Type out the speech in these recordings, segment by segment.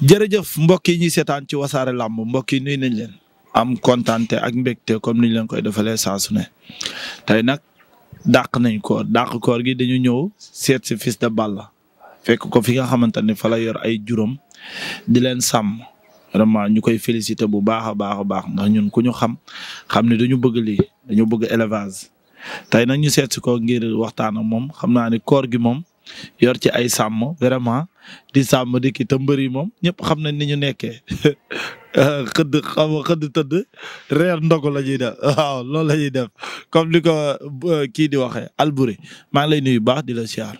jërëjëf mbokk yi ñuy seetaan ci wasaare làmb mbokk yi nuyu nañ leen am kontante ak mbégte comme niñ leen koy defalee saa su ne tey nag dàq nañ koor dàq koor gi dañu ñëw seet si Fils de Balla fekk ko fi nga xamante ne fa la yor ay juróom di leen sàmm vraiment ñu koy félicité bu baax a baax a baax ndax ñun ku ñu xam xam ne dañu bëgg lii dañu bëgg élevage tey nag ñu seet si ko ngir waxtaan ak moom xam naa ne koor gi moom yor ci ay sàmm vraiment di sàmm di ki te mbër yi moom ñëpp xam nañ ni ñu nekke xëdd xam xëdd tëdd reer ndogu la ñuy def waaw loolu la ñuy def comme ni ko euh, kii di waxe Alboury maa ngi lay nuyu baax di la siyaar.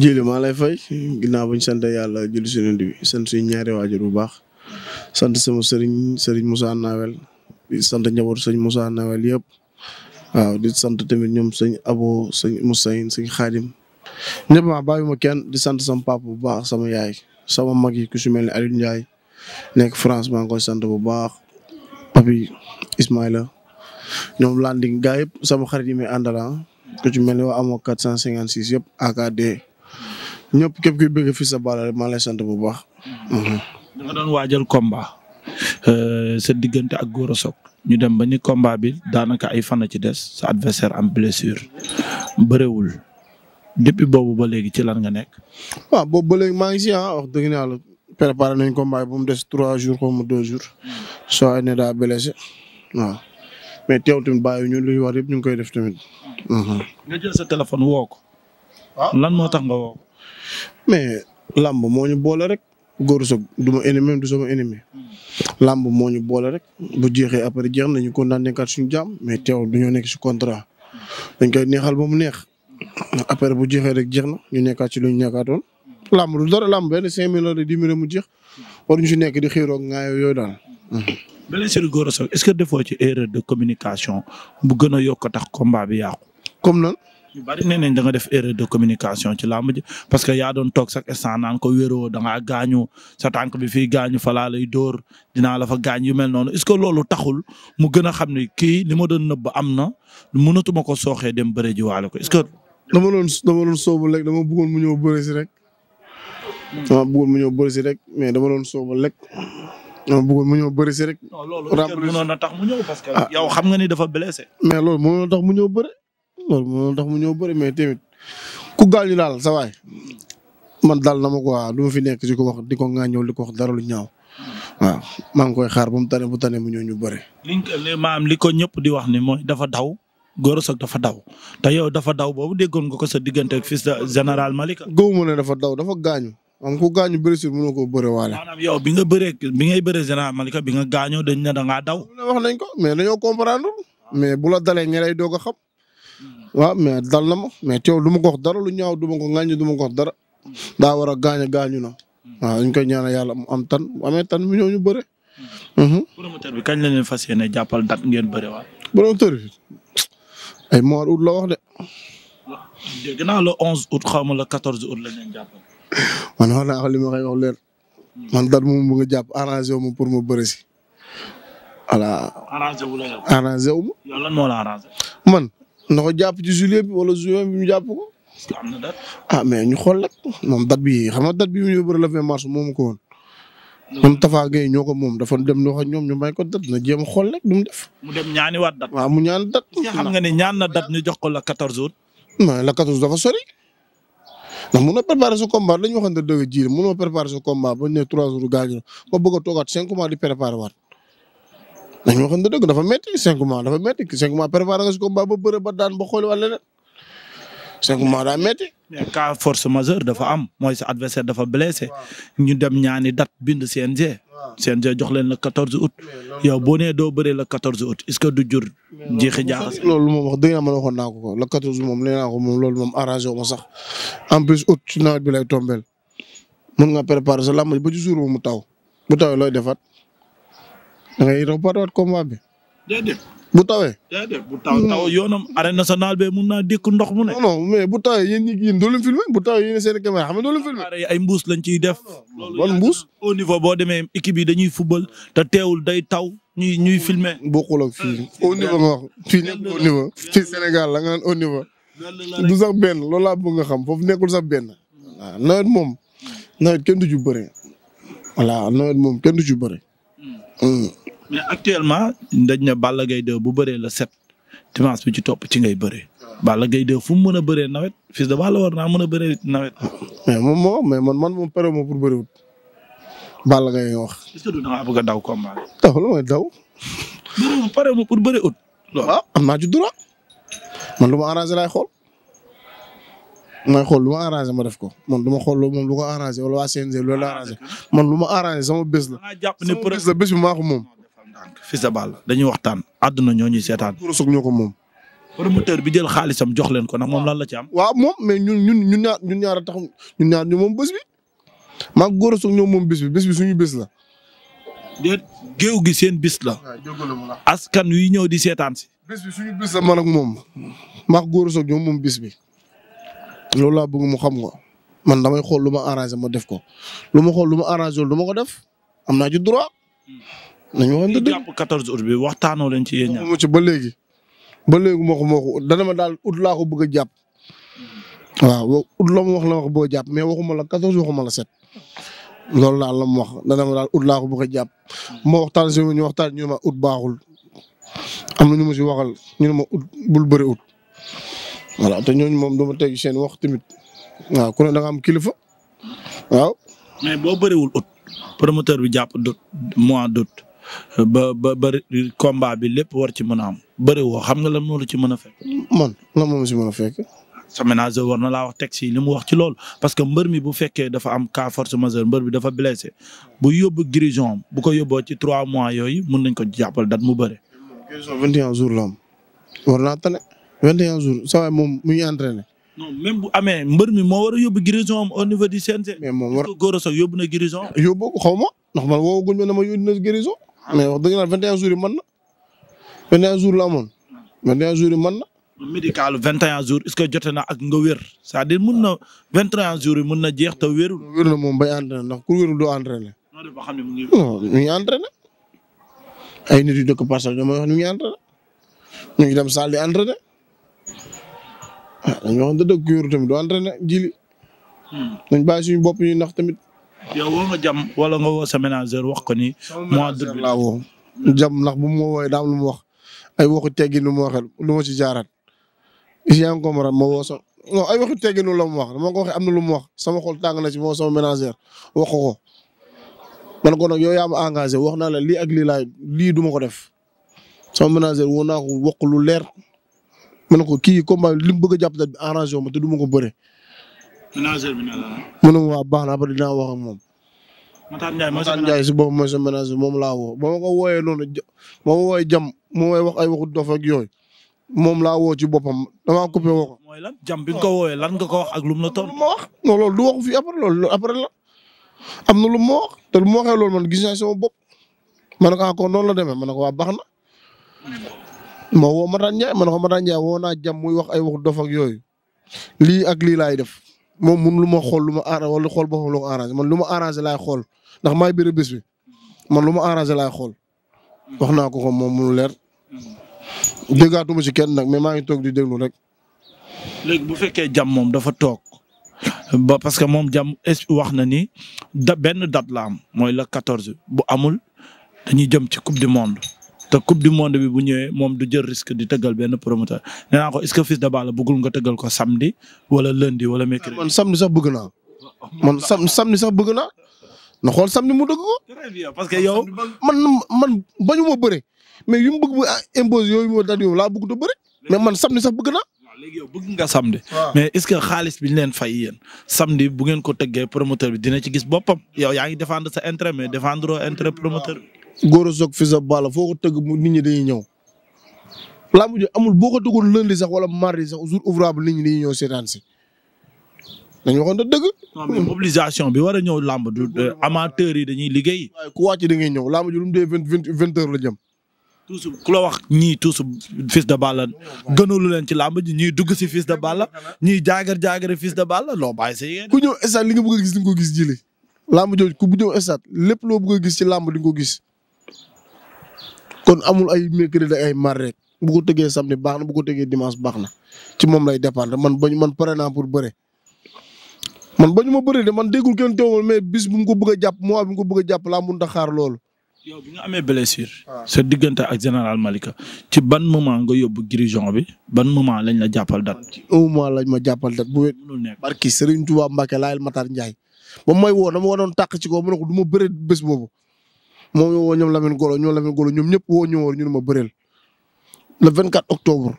jëli maa lay fay ginnaaw bu ñu sant yàlla julli suñu bi sant suñu ñaari waajur bu baax sant sama sëriñ sëriñ Moussa Nawel di sant njabootu sëñ Moussa Nawel yëpp waaw di sant tamit ñoom sëñ Abo sëñ Moussa sëñ Xaadim ñëpp maa bàyyiwuma kenn di sant sama papa bu baax sama yaay sama mag yi ku si mel ne Aliou Ndiaye nekk France maa ngi sant bu baax papi Ismaïla ñoom landing gaa yëpp sama xarit yi may àndal ah, ku ci mel ni waa amoo quatre cent cinquante yëpp AKD ñëpp képp kuy bëgg fi sa bala maa lay sant bu baax. Mhm. da nga doon waajal combat euh, sa diggante ak Gora Sock ñu dem ba ni combat bi daanaka ay fan ci des sa adversaire am blessure bërewul depuis boobu ba léegi ci lan nga nekk. waaw boobu ba léegi maa ngi si ah wax dëgg yàlla préparé nañ combat bu mu des trois jours xaw ma deux jours soo ay ne daa blessé waaw mais teew tamit bàyyi ñu lu ñu war yëpp ñu ngi koy def tamit. Mhm. sa téléphone woo ko. Ah. lan moo tax nga woo mais lamb moo ñu boole rek. góor soog du ma ennemi du sama ennemi. làmb moo ñu boole rek bu jeexee après jeex nañu ko naan nekkaat suñu jàmm mais teewul du ñoo nekk si contrat dañ koy neexal ba mu neex. après bu jeexee rek jeex na ñu nekkaat ci lu ñu nekkaatoon. làmb du dara làmb benn cinq mille wala dix mille mu jeex waruñu si nekk di xiiroog ngaayoo yooyu daal. blessure Gora Sock est-ce que defoo ci erreur de communication bu gën a yokk tax combat bi yàqu. comme nan. ñu bari nee nañ da def erreur de communication ci làmb parce que yaa doon toog sax instant naan ko wéroo da ngaa gaañu sa tànk bi fii gaañu fa laa lay dóor dinaa la fa gaañ yu mel noonu est-ce que loolu taxul mu gën a xam ne kii li ma doon nëbb am na mënatuma ko sooxee dem bëre ji waale ko est dama doon dama doon soobul rek dama bëggoon mu ñëw bëri rek. dama bëggoon mu ñëw bëri rek mais dama doon soobul rek. dama bëggoon mu ñëw bëri rek. remplir mënoon na tax mu ñëw parce que. Ah. yow xam nga ni dafa blessé. mais loolu mënoon na mu ñëw bëri. loolu mu ñëw bëri mais tamit ku gaañu daal sa waay man daal na ma quoi du fi nekk di ko wax di ko ŋàññoo di ko wax dara lu ñaaw. waaw maa ngi koy xaar ba mu tane bu tane mu ñëw ñu bëri. liñ di wax ni mooy dafa daw. Gora Sock dafa daw te yow dafa daw boobu déggoon nga ko sa diggante ak fils de général Malika. góobu ma ne dafa daw dafa gaañu am ku gaañu blessure mënoo koo bëre waale. maanaam bi nga bëree bi ngay bëree général Malika bi nga gaañoo da ne da ngaa daw. wax nañ ko mais dañoo comprendre mais bu la dalee ñeneen doo ko xam. wa mais dal na ma mais teew du ma ko wax dara lu ñaaw du ma ko ŋàññi du ko wax dara daa war a gaañ a gaañu na. waaw dañ mu am tan bu amee tan mu ñëw ñu bëre. promoteur bi kañ la leen fas yéene jàppal date ngeen bëre ay mois août la wax de. dégg naa le xaw ma le quatorze août man wax naa li ma wax leer man date moom mu nga jàpp arrangé wu ma pour ma bëri si voilà. arrangé wu man na jàpp ci juillet bi wala juin ñu jàpp ko. am ah mais ñu xool rek moom date bi xam nga date bi mu ñu bëri le vingt mars moomu ko woon. ñoom Tafa Gueye ñoo ko moom dafa dem wax ak ñoom ñu may ko dat na jéem a xool rek lu mu def. mu dem ñaani waat dat. waaw mu ñaan dat. ñu jox ko la 14 août. non la 14 dafa sori. ndax mënoo préparer sa combat dañu trois jours gaañu na ko bëgg a toogaat cinq mois di préparer waat dañu waxante dëgg dafa métti cinq mois dafa métti cinq mois préparer nga sa combat ba bëre ba daan ba xooli wàll leneen cinq mois daa métti. mais cas force majeure dafa am mooy sa adversaire dafa blessé ñu dem ñaani date bind CNG. CNG jox leen le quatorze août. yow boo nee doo bëree le quatorze août est que du jur jeexi jaaxase. loolu moom wax dëgg yàlla naa ko ko le quatorze moom nee naa ko moom loolu moom arrangé wu ma sax en plus août ci nawet bi lay tombeel mun nga préparer sa lamb ba ci jour mu taw bu tawee looy defaat da ngay reporté waat combat bi. bu tawee. déedéet bu taw taw yoonam. arène nationale be mun naa dékk ndox mu ne. non non mais bu tawee yéen ñi yéen doo leen filmé bu xam nga doo leen filmé. ay mbuus lañ ciy def. loolu mbuus. au niveau boo demee équipe yi dañuy football te teewul day taw ñuy ñuy filmé. bokkul ak fii euh, au niveau nga wax fii nekk au niveau. fii Sénégal la nga naan au niveau. du sax benn loolu laa bëgg a xam foofu nekkul sax benn. waaw nawet moom nawet kenn du ci bëre. voilà nawet moom kenn du ci bëre. Hmm. Hmm. mais actuellement dañ ne Balla Gaye 2 bu bëree la set dimanche bi ci topp ci ngay bëree. Balla Gaye 2 fu mu mën a bëree nawet Fils de Balla wor naa mën a bëree nawet. mais moom moo mais man man moom pare moo pour bëriwut Balla Gaye wax. est a daw combat. taw lu may daw. bëriwul pare moo pour bëriwut. waaw ah, am naa ci droit man lu ma arrangé laay xool. may xool lu ma ma def ko man du ma xool moom lu ko arrangé wala waa CNG loolu la ah, man lu ma arrangé sama bés la. sama bés la bés tànk Fils de dañuy waxtaan àdduna ñoo ñuy seetaan. Soug ñoo ko moom. promoteur bi jël xaalisam jox leen ko nag moom lan la ci am. waaw moom mais ñun ñun ñun ñaar ñun ñaar a tax ñun ñaar ñu moom bés bi maa ngi góor a soog moom bés bi bés bi suñu bés la. déet géew gi seen bis la. askan wi ñëw di seetaan si. bés bi suñu bés la man moom maa ngi góor a moom bés loolu laa bëgg mu xam nga man damay xool lu ma arrangé ma def ko lu ma xool lu ma arrangé lu ma ko def am naa ci droit. nañu waxante dëgg jàpp 14 août bi waxtaanoo leen ci yéen ñaar mu ci ba léegi ba léegi moo ko moo ko dana ma daal ut laa ko bëgg a jàpp waaw ut la mu wax la wax boo jàpp mais waxuma la 14 waxuma la 7 loolu daal la mu wax dana ma daal ut laa ko bëgg a jàpp ma waxtaan si ñu waxtaan ñu ne ma ut baaxul am na ñu ma si waxal ñu ne ma ut bul bëri ut voilà te ñooñu moom dama teg seen wax tamit waaw ku ne da nga am kilifa waaw. mais boo bëriwul ut promoteur bi jàpp dot mois d' août ba ba ba combat bi lépp war ci mën a am bëri woo xam nga lan moo la ci mën a fekk. man lan moo ci mën a fekk. sa ménageur war na laa wax teg si li mu wax ci loolu parce que mbër mi bu fekkee dafa am cas force majeure mbër bi dafa blessé bu yob guérison am bu ko yóbboo ci trois mois yooyu mun nañ ko jàppal dat mu bëre. guérison 21 jours la am war naa tane 21 jours saa waay moom mu ngi entraîné. non bu amee mbër mi mo war a yóbbu guérison am au niveau du CNG. mais moom war góor a sax mais wax dëgg yàlla 21 jours yi mën na 21 jours la amoon 21 jours yi mën na. médical 21 jours est que jote na ak nga wér c'est-à-dire mun na 21 jours yi mun na jeex te wérul. wér na moom bay entraîné ndax ku wérul doo entraîné. non dafa xam ne ay nit yu dëkk parcelle ñoom mooy wax ñu ngi entraîné ñu ngi dem salle di entraîné ah dañoo wax ku wérul tamit doo entraîné jili. Hmm. nañ bàyyi suñu bopp nax tamit. yow woo nga jam wala nga woo sa manager wax ko ni. mois de jam nax bu ma woowee daam lu mu wax ay waxu teggin lu ma waxal lu ma ci jaaraat. si yaa ngi ko ma woo sa non ay waxu tegginu la mu wax dama ko waxee am na lu mu wax sama xol tàng na si moo sama manager wax ko ko. man ko nag yow yaa ma engagé wax naa la lii ak lii laay lii du ko def sama manager woo naa ko lu leer man ko kii combat li mu bëgg a jàpp daal bi arrangé ma te du ma ko bëre. manager bi mu ne waa baax na après dinaa wax ak moom. Matar Ndiaye mooy si boppam mooy sa manager moom laa woo ba ma ko wooyee noonu jam mu may wax ay waxu dof ak yooyu moom laa woo ci boppam damaa ko. mooy jam bi ko wooyee lan ko wax ak lu mu ma wax non loolu du waxu fii après loolu après la am na lu ma wax te lu ma waxee loolu man gis naa sama bopp ma ne ko encore ah, noonu la ma ne ko waa baax na. ma woo Matar Ndiaye ma ne ko Matar Ndiaye woo naa jam muy wax ay waxu dof ak yooyu lii ak lii laay def. moom mun lu ma xool lu ma arrangé wala xool boppam lu ko man lu ma arrangé laay xool ndax may bëri bés man lu ma arrangé laay xool wax naa ko ko moom munu leer déggaatuma ci kenn nag mais maa ngi toog di déglu rek. léegi bu fekkee jam moom dafa toog ba parce que moom jam wax na ni da benn date la mooy le quatorze bu amul dañuy jëm ci coupe du monde. te coupe du monde bi bu ñëwee moom du jël risque di tëggal benn promoteur nee naa ko est-ce que Fils de Balla bëggul ko samedi wala lundi wala mercredi. man samedi sax bëgg man sam samedi sax bëgg naa na xool samedi mu dëgg ko. très parce que yow. man man bañu ma bëre mais yu mu bëgg bu ah, impose yooyu moo daal yow laa bëgg du bëre mais man samedi sax bëgg naa. léegi yow bëgg nga samedi. mais est-ce que xaalis bi ñu leen fay yéen samedi bu ngeen ko tëggee promoteur bi dina ci gis boppam yow yaa ngi défendre sa intérêt mais défendre intérêt promoteur bi. Gora Sock Fils de Balla foo teg tëgg nit ñi dañuy ñëw. lamb ji amul boo ko tëggoon lundi sax wala mardi sax jour ouvrable nit ñi dañuy ñëw seetaan si. dañu waxoon dëgg. non mais bi war a ñëw lamb du euh, amateurs yi dañuy liggéey. waaye ku wàcc da ngay ñëw lamb ji de mu vingt vingt vingt heures la jëm. toujours ku la wax ñii toujours Fils de Balla gënalu leen ci làmb ji ñuy dugg si Fils de Balla ñuy jaagar jaagare Fils de Balla loo bàyyi sa yéen. ku ñëw stade li nga bëgg a gis di gis jëlee. làmb jooju ku bu ñëw stade lépp loo bëgg gis ci làmb di nga gis. kon amul ay mercredi ay mar rek bu ko tëggee samedi baax na bu ko tëggee dimanche baax na ci moom lay dépendre man bañ man pare naa pour bëre. man bañu ma bëri de man déggul kenn teewul mais bis bu mu ko bëgg jàpp mois bi mu ko bëgg a mun a xaar loolu. yow bi nga amee blessure. Ah. sa diggante ak général Malika ci ban moment nga yóbbu guérison bi ban moment lañ la jàppal dat ci un mois lañ ma jàppal dat bu wér. mënul nekk barki Serigne Touba Mbacke laayal Matar Ndiaye. ba may woo dama moo doon tàq ci kaw mu ne ko du ma bëri bés boobu moo ñoo woo ñoom Lamine Golo ñoom Lamine Golo ñoom ñëpp woo ñëwoon ñu ne ma bëreel le octobre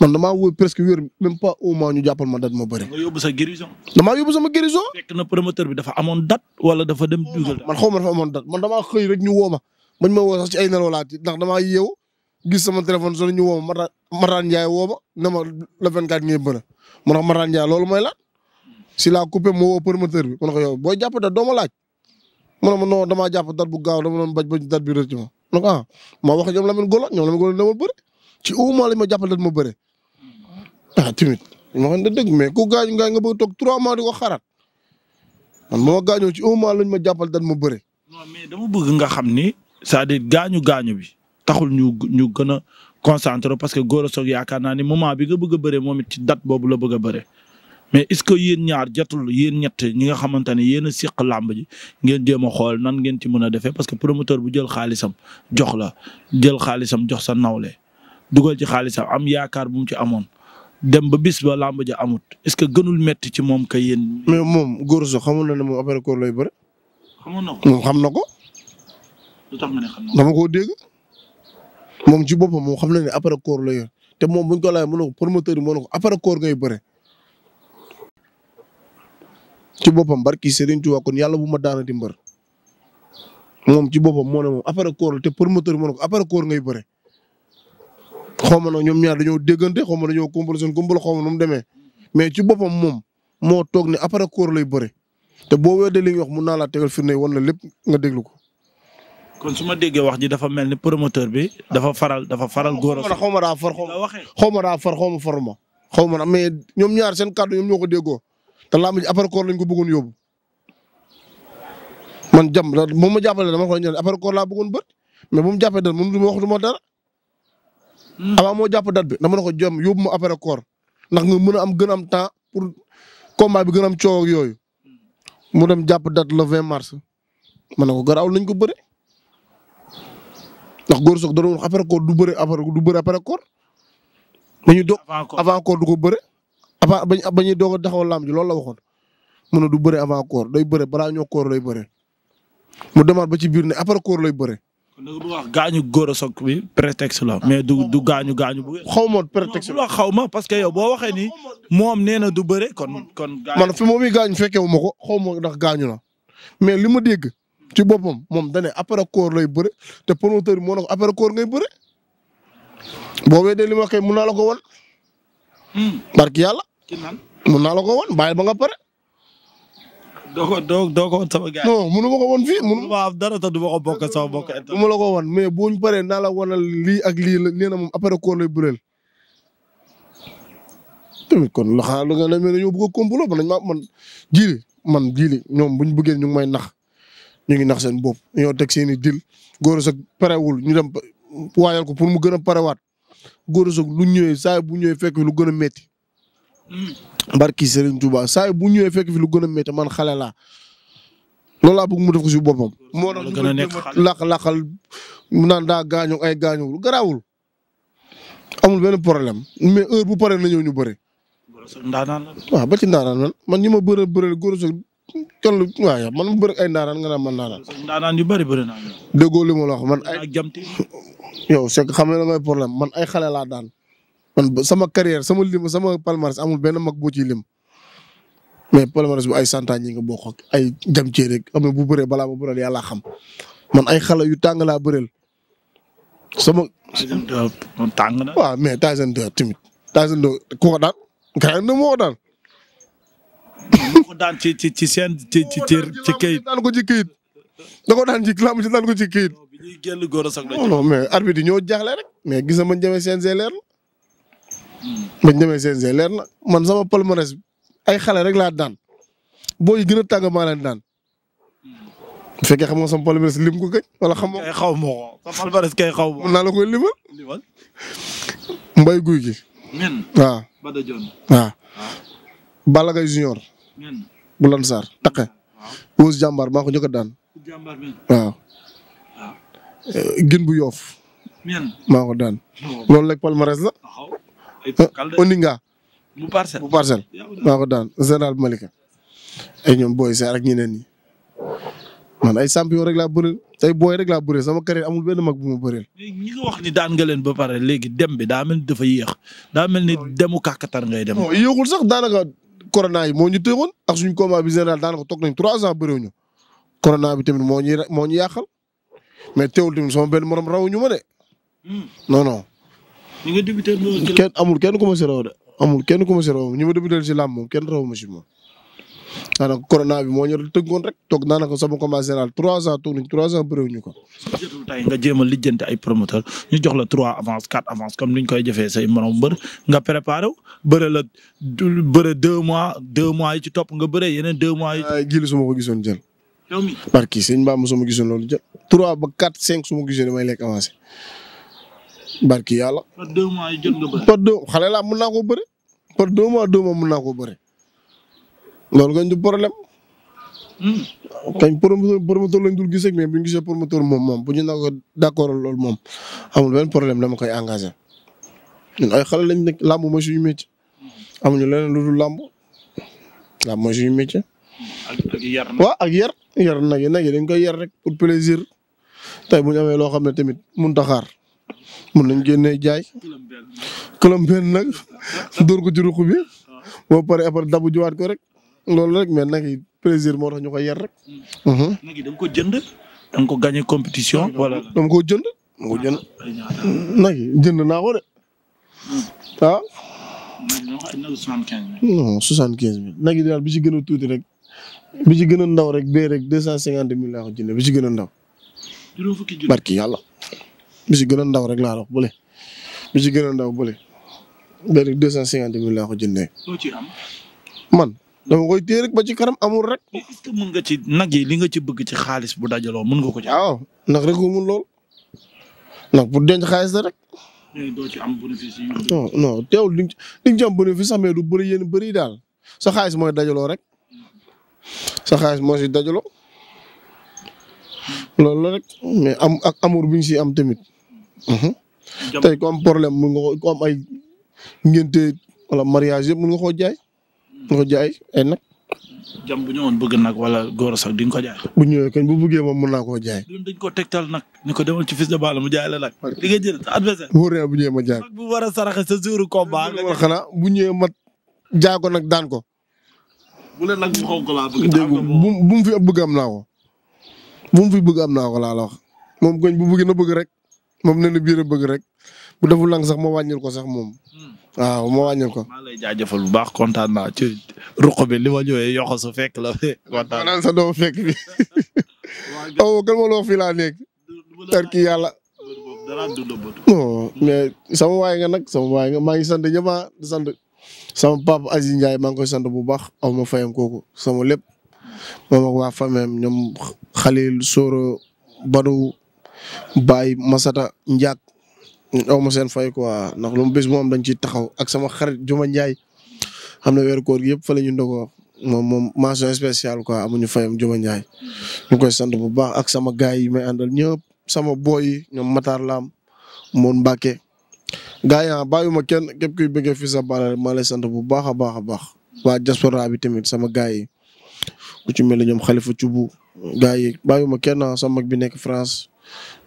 man damaa wóor presque wér même pas au moins ñu jàppal ma date ma bëri. nga sa guérison. damaa yóbbu sama guérison. fekk na promoteur bi dafa amoon date wala dafa dem. dugal man xaw ma amoon date man damaa xëy rek ñu woo ma bañ ma woo sax ay nelaw laa ndax damaa yeewu gis sama téléphone sonné ñu woo ma Mara Marane Ndiaye woo ma ne ma le 24 ngay bëri ma ne ko loolu mooy la si la coupé moo woo promoteur bi ma ne ko yow booy jàpp laaj mu ne ma non damaa jàpp date bu gaaw dama doon bañ bañ date bi rëcc ma ma ah, wax ñoom Lamine Gola ñoom Lamine Gola dama bëri ci au moins ma jàppal date ma bëre ah timit ma xam ne dëgg mais ku gaañu gaañ nga bëgg toog trois mois di ko xaaraat man bu ma ci au moins lañ ma jàppal date ma bëre. non mais dama bëgg nga xam ni cest à gaañu gaañu bi taxul ñu ñu gën a concentré parce que Gora Sock yaakaar naa ni moment bi nga bëgg a bëre moom it boobu la bëgg a bëre mais est-ce que yéen ñaar jotul yéen ñett ñi nga xamante ne yéen a siq làmb ji ngeen jéem a xool nan ngeen ci mën a defee parce que promoteur bu jël xaalisam jox la jël xaalisam jox sa nawle dugal ci xaalisam am yaakaar bu mu ci amoon dem ba bis ba làmb ja amut est-ce que gënul metti ci moom ka yéen. mais moom góor so xamul na ne moom après koor lay bëre. xamoon na ko moom xam na ko. lu tax ko dama koo dégg. moom ci boppam moom xam na ne après koor lay yor te moom buñ ko laajee mën na ko promoteur bi mën ko après ngay bëre ci boppam barki Serigne Touba kon yàlla bu ma daanati mbër moom ci boppam moo ne moom après koor la te promoteur moo ne ko après xaw ma na ñoom ñaar dañoo déggante xaw ma dañoo kumbal seen kumbal xaw ma nu demee mais ci boppam moom moo toog ne après koor lay bëre te boo weede li ñuy wax mun naa la tegal firnde woon lépp nga déglu ko. kon su ma déggee wax ji dafa mel ni promoteur bi dafa faral dafa faral góor a. xaw ma daa far xaw ma daa far xaw ma far ma xaw ma mais ñoom ñaar seen kàddu ñoom ñoo ko déggoo. te làmb ji lañ ko bëggoon yóbbu man jam moom ma jàppale dama xool ñu ne après koor laa bëggoon bët mais bu mu jàppee dara mënu ma moo du ma dara. Hmm. avant moo jàpp date bi dama ne ko jëm yóbbu ma après koor ndax nga mën a am gën am temps pour combat bi gën am coow yooyu. mu dem jàpp date le 20 mars ma ne ko garaw nañ ko bëre ndax góor soog da doon wax après koor du bëre après du bëre après koor. avant koor du ko bëre. avant bañ ba ñuy doog a taxawal ji loolu la waxoon mu ne du bëre avant koor day bëre balaa ño koor lay bëre mu demaat ba ci biir ne après koor lay bëre. gaañu góor a soog bi prétexte la mais du du gaañu gaañu. xaw ma prétexte la xaw ma parce que yow boo waxee ni moom nee na du bëre kon kon. man fi moom yi gaañu fekke wu ko xaw ma ndax gaañu na mais li ma dégg ci boppam moom da ne après koor lay bëre te promoteur bi moo ne ko après koor ngay bëre boo weedee li ma wax kay mun naa la ko won hmm. barki yàlla. ki nan mun naa la ko woon bàyyi ba nga pare. doo ko doo doo ko woon sama gars non munu ma ko woon fii munu ma du ma ko bokk sama bokk mais bu ñu paree naa la wanal lii ak lii la nee na moom après koo lay bureel tamit la xanaa lu nga ne dañoo bëgg a man dañ maa ñoom bu ñu bëggee ñu ngi may nax ñu ngi nax seen bopp ñoo teg seen i dil góor sax parewul ñu dem waajal ko pour mu gën a parewaat góor sax lu ñëwee saa bu ñëwee fekk lu gën a métti barki Serigne Touba saa bu ñëwee fekk fi lu gën a man xale laa loolu laa mu def ko si boppam. moo tax ñu nekk laq mu naan daa gaaño ay gaañoo garaawul amul benn problème mais heure bu paree na ñëw ñu bëre. ndaanaan la waaw ba ci ndaanaan man man ñi ma bëre bëre góor soog toll waaye man ma bëre ay ndaanaan nga naan man ndaanaan. ndaanaan yu bëri bëri naa. déggoo li ma la wax man ay. yow c'est xam nga la mooy problème man ay xale laa daan. man sama carrière sama lim sama palmarès amul benn mag boo ciy lim mais palmarès bu ay santaan ñi nga bokk ak ay jam ci rek am bu bëree balaa ma bëreel yàlla xam man ay xale yu tàng laa bëreel sama. tàng na waaw mais Tyson 2 tamit Tyson 2 ku ko daan gaañ na moo ko daan. moo ko daan ci ci ci seen ci ci ci kayit. daan ko ci kayit da ko daan ci lamb ci daan ko ci kayit. bi ñuy génn góor a sax non non mais arbitre yi ñoo jaaxle rek mais gis na ma njëme seen leer la bañ demee CNG leer na man sama palmarès ay xale rek laa daan booy yi gën a tàng maa leen daan. Hmm. bu xam nga sama palmarès lim ko kañ wala xam nga. kay xaw xaw ma ko. naa la koy limal. mbay guy gi. ñenn. waaw Bada Dione. Ah. Junior. ñenn. Bulan Sarr taqe. Ah. waaw Ouz maa ko njëkk a daan. Jàmbaar mi waaw. Ah. Eh, gin bu yoof. ñenn maa ko daan. loolu rek palmarès la. Ah, Oninga. bu parcelle bu parcelle. maa ko daan général Malika. ay ñoom booy seer ak ñeneen ñi man ay champion rek laa bëreel ay booy rek laa bëreel sama carrière amul benn mag bu ma bëreel. ñi nga daan nga leen ba pare léegi dem bi daa mel ni dafa yéex daa mel ni demu kàkkatar ngay dem. non sax daanaka corona yi moo ñu téewoon ak suñu combat bi général daanaka toog nañ trois ans bëriw ñu. corona bi tamit moo ñuy moo ñu yàqal mais teewul tamit sama benn morom raw ma de. Hmm. non ñi nga débuté noonu ci kenn amul kenn ku ma si amul kenn ku ma si raw ñi ma débuté si làmb moom kenn raw ma si moom. daanaka corona bi moo ñor tënkoon rek toog daanaka sama combat général trois ans toog nañ trois ans bëréw ñu ko. jotul tey nga jéem a lijjanti ay promoteur ñu jox la trois avance quatre avance comme ni ñu koy jëfee say morom mbër nga préparé wu bëre la bëre deux mois deux mois yi ci topp nga bëre yeneen deux mois yi. jël su ko gisoon jël. yow mi barki sëñ Ba ma su gisoon loolu jël trois ba quatre cinq su ma gisee damay lekk avancé. barki yàlla. par deux mois yi jot par deux xale laa mën naa koo bëri. par deux mois deux mois naa koo bëri. loolu nga ñu problème. Hmm. kañ promoteur promoteur lañ dul gisee mais bu ñu gisee promoteur moom moom bu ñu naan ko loolu moom amul benn problème dama koy engagé. ay xale lañ nekk làmb mooy suñu métier. amuñu leneen lu dul làmb. làmb mooy suñu métier. ak ak yar waaw nag yi nag yi dañ koy rek pour plaisir. tey bu ñu amee loo xam ne tamit mun taxaar mun nañ génnee jaay. këlam benn nag dóor ko ci ruq bi. boo pare après dabu jiwaat ko rek loolu rek mais nag yi plaisir moo tax ñu koy yar rek. Mhm. nag yi da ko jënd da ko gagné compétition. wala dama ko jënd nag yi jënd naa ko de ah. nag soixante quinze mille nag yi daal bi ci gën a tuuti rek bi ci gën a ndaw rek bee rek deux cent cinquante mille laa ko jëndee bi ci gën a ndaw. barki yàlla. bi si gën a ndaw rek laa wax bële bi si gën a ndaw bule benn deux cent cinquante mille laa ko jëndee. loo ci am. man dama koy téye rek ba ci kanam amul rek. est nga ci nag yi li nga ci bëgg ci xaalis bu dajaloo mën nga ko ci. waaw ndax rek ko mun lool ndax bu xaalis rek. doo ci am bénéfice yu. li nga ci am bénéfice sax mais du bëri yéen bëri daal sa xaalis mooy dajaloo rek sa xaalis moo si dajaloo loolu la rek mais am ak amour bi ñu si am tamit. Mhm. tey ku am problème mu nga ko ay ngénte wala mariage mu mun nga koo jaay. nga ko jaay ay nag. jam bu ñëwoon bëgg nag wala góor sax di nga ko jaay. bu ñëwee kañ bu bëggee moom mën naa koo jaay. dañ ko tegtal nag ni ko demal ci fils de mu jaay la nag. di nga jël sa bu ñëwee ma jaay. bu war a saraxe sa jour bu ñëwee ma jaay ko nag daan ko. bu leen nag bu xonk laa bëgg. dégg bu fi bëgg am naa bëgg am naa ko laa bu bëgg na bëgg rek. moom nee biir bëgg rek bu deful lang sax ma wàññil ko sax moom. Hmm. waaw ma wàññil ko. maa lay jaajëfal bu baax kontaan naa ci ruq li ma ñëwee yokk su fekk la. kontaan naa sa doo fekk bi. waaw ma loo fii laa nekk. tarki yàlla. non mais sama waay nga nag sama waay nga maa ngi sant ñëpp ah, di sant. sama papa Aziz Ndiaye maa ngi koy sant bu baax aw ma fayam kooku sama lépp moom ak waa famem ñoom Khalil Soro Badou. baay Masata Ndiak ñun aw ma seen fay quoi ndax lu mu bés moom dañ ciy taxaw ak sama xarit Juma Ndiaye xam ne weeru koor gi yëpp fa ñu ndogoo moom moom mention spéciale quoi amuñu fayam Juma Ndiaye. ñu koy sant bu baax ak sama gaay yi may àndal ñëpp sama boy ñoom Matar Lam Moon mbake gaa yi ah bàyyiwuma kenn képp kuy bëggee fii sa baal maa sant bu baax a baax a baax waa diaspora bi tamit sama gaay yi ku ci mel ne ñoom Khalifa Thioub gaa yi bàyyiwuma kenn ah, sama mag bi nekk France.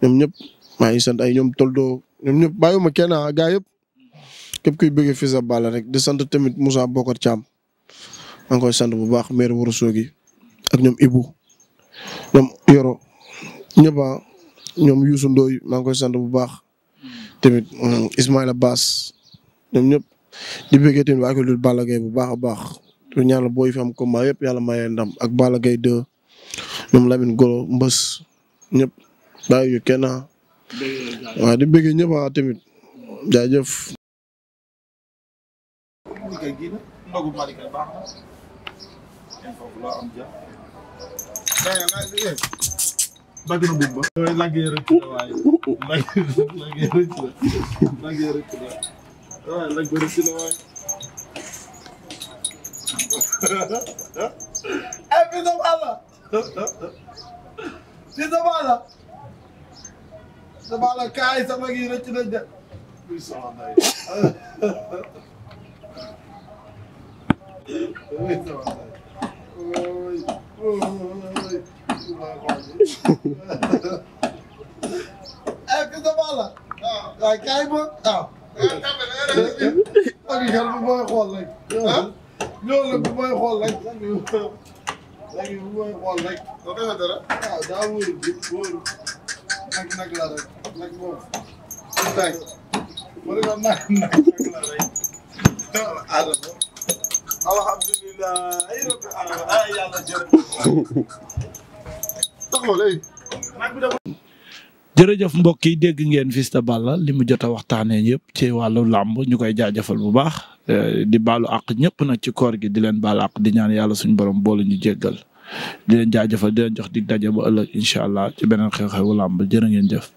ñoom ñëpp maa ngi sant ay ñoom Toldo ñoom ñëpp bàyyiwuma kenn ah gaa yëpp képp kuy bëggee Fils de rek di sant tamit Moussa Bokar Thiam maa koy sant bu baax maire Ourossogui ak ñoom Ibou ñoom Yoro ñëpp ah ñoom Youssou Ndoye maa ngi koy sant bu baax tamit mm, Ismaïla Bass ñoom ñëpp di bëggee tamit waa école Balla Gaye bu baax a baax di ñaan la booy fi am combat yëpp yàlla mayee ndam ak Balla Gaye 2 ñoom Lamine Golo Mbës ñëpp bàyyi ñu kenn ah. waaw di bëgg ñëpp ah tamit jaajëf. Ay, eh, pisa bala! Pisa bala! damaa la kaay sama gi rëcc nañ de. muy sama ndey. muy sama ndey. Eh, ah, waaw kaay ma waaw. Ah. waaw xel bu may xool rek. ah loolu la bu may xool rek. léegi bu may xool rek. waaw ah, daa wóor bi wóor. jërëjëf. jërëjëf mbokk yi dégg ngeen Fils ta Balla li mu jot a waxtaanee yëpp ci wàllu làmb ñu koy jaajëfal bu baax eh, di baalu àq ñëpp nag ci koor gi di leen baalu ak di ñaan yàlla suñu borom boolu ñu di leen jaajëfal di leen jox dig daje ba ëllëg incha allah ci beneen xew-xewu làmb jërë ngeen jëf.